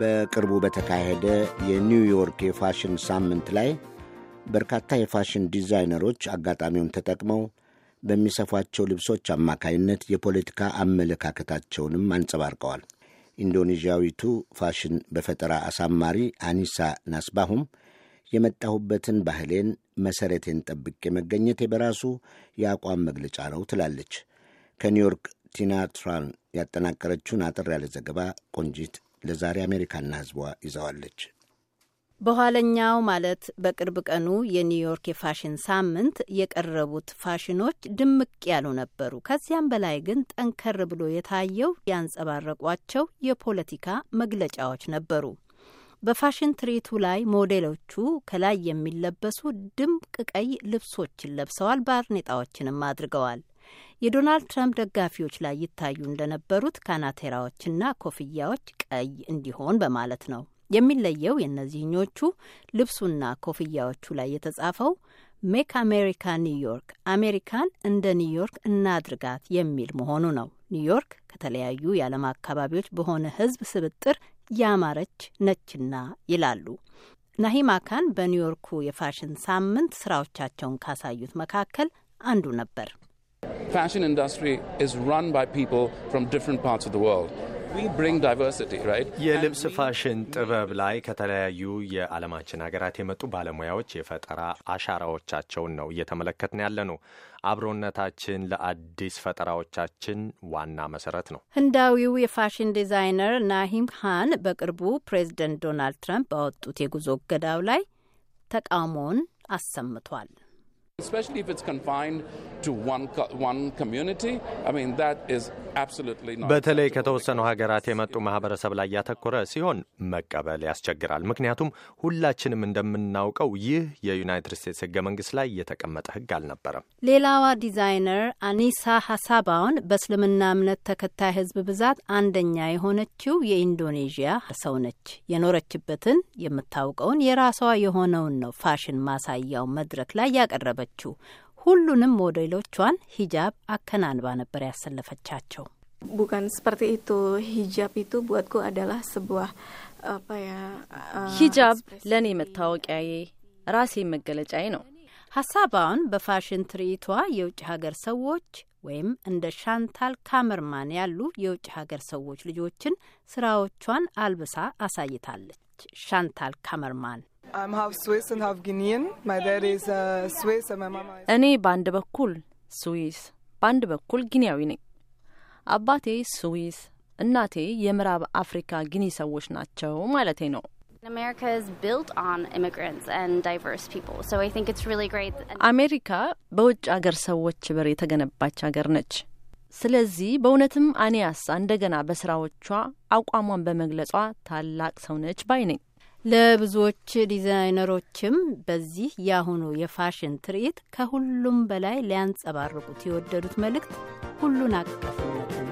በቅርቡ በተካሄደ የኒውዮርክ የፋሽን ሳምንት ላይ በርካታ የፋሽን ዲዛይነሮች አጋጣሚውን ተጠቅመው በሚሰፏቸው ልብሶች አማካይነት የፖለቲካ አመለካከታቸውንም አንጸባርቀዋል። ኢንዶኔዥያዊቱ ፋሽን በፈጠራ አሳማሪ አኒሳ ናስባሁም የመጣሁበትን ባህሌን መሰረቴን ጠብቄ መገኘቴ በራሱ የአቋም መግለጫ ነው ትላለች። ከኒውዮርክ ቲና ትራን ያጠናቀረችውን አጠር ያለ ዘገባ ቆንጂት ለዛሬ አሜሪካና ህዝቧ ይዘዋለች። በኋለኛው ማለት በቅርብ ቀኑ የኒውዮርክ የፋሽን ሳምንት የቀረቡት ፋሽኖች ድምቅ ያሉ ነበሩ። ከዚያም በላይ ግን ጠንከር ብሎ የታየው ያንጸባረቋቸው የፖለቲካ መግለጫዎች ነበሩ። በፋሽን ትርኢቱ ላይ ሞዴሎቹ ከላይ የሚለበሱ ድምቅ ቀይ ልብሶችን ለብሰዋል፣ ባርኔጣዎችንም አድርገዋል። የዶናልድ ትራምፕ ደጋፊዎች ላይ ይታዩ እንደነበሩት ካናቴራዎችና ኮፍያዎች ቀይ እንዲሆን በማለት ነው። የሚለየው የእነዚህኞቹ ልብሱና ኮፍያዎቹ ላይ የተጻፈው ሜክ አሜሪካ ኒውዮርክ፣ አሜሪካን እንደ ኒውዮርክ እናድርጋት የሚል መሆኑ ነው። ኒውዮርክ ከተለያዩ የዓለም አካባቢዎች በሆነ ሕዝብ ስብጥር ያማረች ነችና ይላሉ። ናሂማ ካን በኒውዮርኩ የፋሽን ሳምንት ስራዎቻቸውን ካሳዩት መካከል አንዱ ነበር። fashion industry is run by people from different parts of the world. የልብስ ፋሽን ጥበብ ላይ ከተለያዩ የዓለማችን ሀገራት የመጡ ባለሙያዎች የፈጠራ አሻራዎቻቸውን ነው እየተመለከትን ያለ ነው። አብሮነታችን ለአዲስ ፈጠራዎቻችን ዋና መሰረት ነው። ህንዳዊው የፋሽን ዲዛይነር ናሂም ሃን በቅርቡ ፕሬዝደንት ዶናልድ ትራምፕ ባወጡት የጉዞ እገዳው ላይ ተቃውሞውን አሰምቷል። especially if it's confined to one, co- one community. I mean, that is በተለይ ከተወሰኑ ሀገራት የመጡ ማህበረሰብ ላይ ያተኮረ ሲሆን መቀበል ያስቸግራል። ምክንያቱም ሁላችንም እንደምናውቀው ይህ የዩናይትድ ስቴትስ ህገ መንግስት ላይ የተቀመጠ ህግ አልነበረም። ሌላዋ ዲዛይነር አኒሳ ሀሳባውን በእስልምና እምነት ተከታይ ህዝብ ብዛት አንደኛ የሆነችው የኢንዶኔዥያ ሰው ነች። የኖረችበትን የምታውቀውን የራሷ የሆነውን ነው ፋሽን ማሳያው መድረክ ላይ ያቀረበችው። ሁሉንም ሞዴሎቿን ሂጃብ አከናንባ ነበር ያሰለፈቻቸው። ቡካን ስፐርቲ ኢቱ ሂጃብ ኢቱ ቡትኩ አዳላህ ስቡህ ሂጃብ ለእኔ መታወቂያዬ፣ ራሴ መገለጫዬ ነው። ሀሳባውን በፋሽን ትርኢቷ የውጭ ሀገር ሰዎች ወይም እንደ ሻንታል ካመርማን ያሉ የውጭ ሀገር ሰዎች ልጆችን ስራዎቿን አልብሳ አሳይታለች። ሻንታል ካመርማን Uh, እኔ በአንድ በኩል ስዊስ በአንድ በኩል ጊኒያዊ ነኝ። አባቴ ስዊስ፣ እናቴ የምዕራብ አፍሪካ ጊኒ ሰዎች ናቸው ማለቴ ነው። አሜሪካ በውጭ አገር ሰዎች ብር የተገነባች ሀገር ነች። ስለዚህ በእውነትም አኔያሳ እንደገና በስራዎቿ አቋሟን በመግለጿ ታላቅ ሰው ነች ባይ ነኝ። ለብዙዎች ዲዛይነሮችም በዚህ ያሁኑ የፋሽን ትርኢት ከሁሉም በላይ ሊያንጸባርቁት የወደዱት መልእክት ሁሉን አቀፍነት ነው።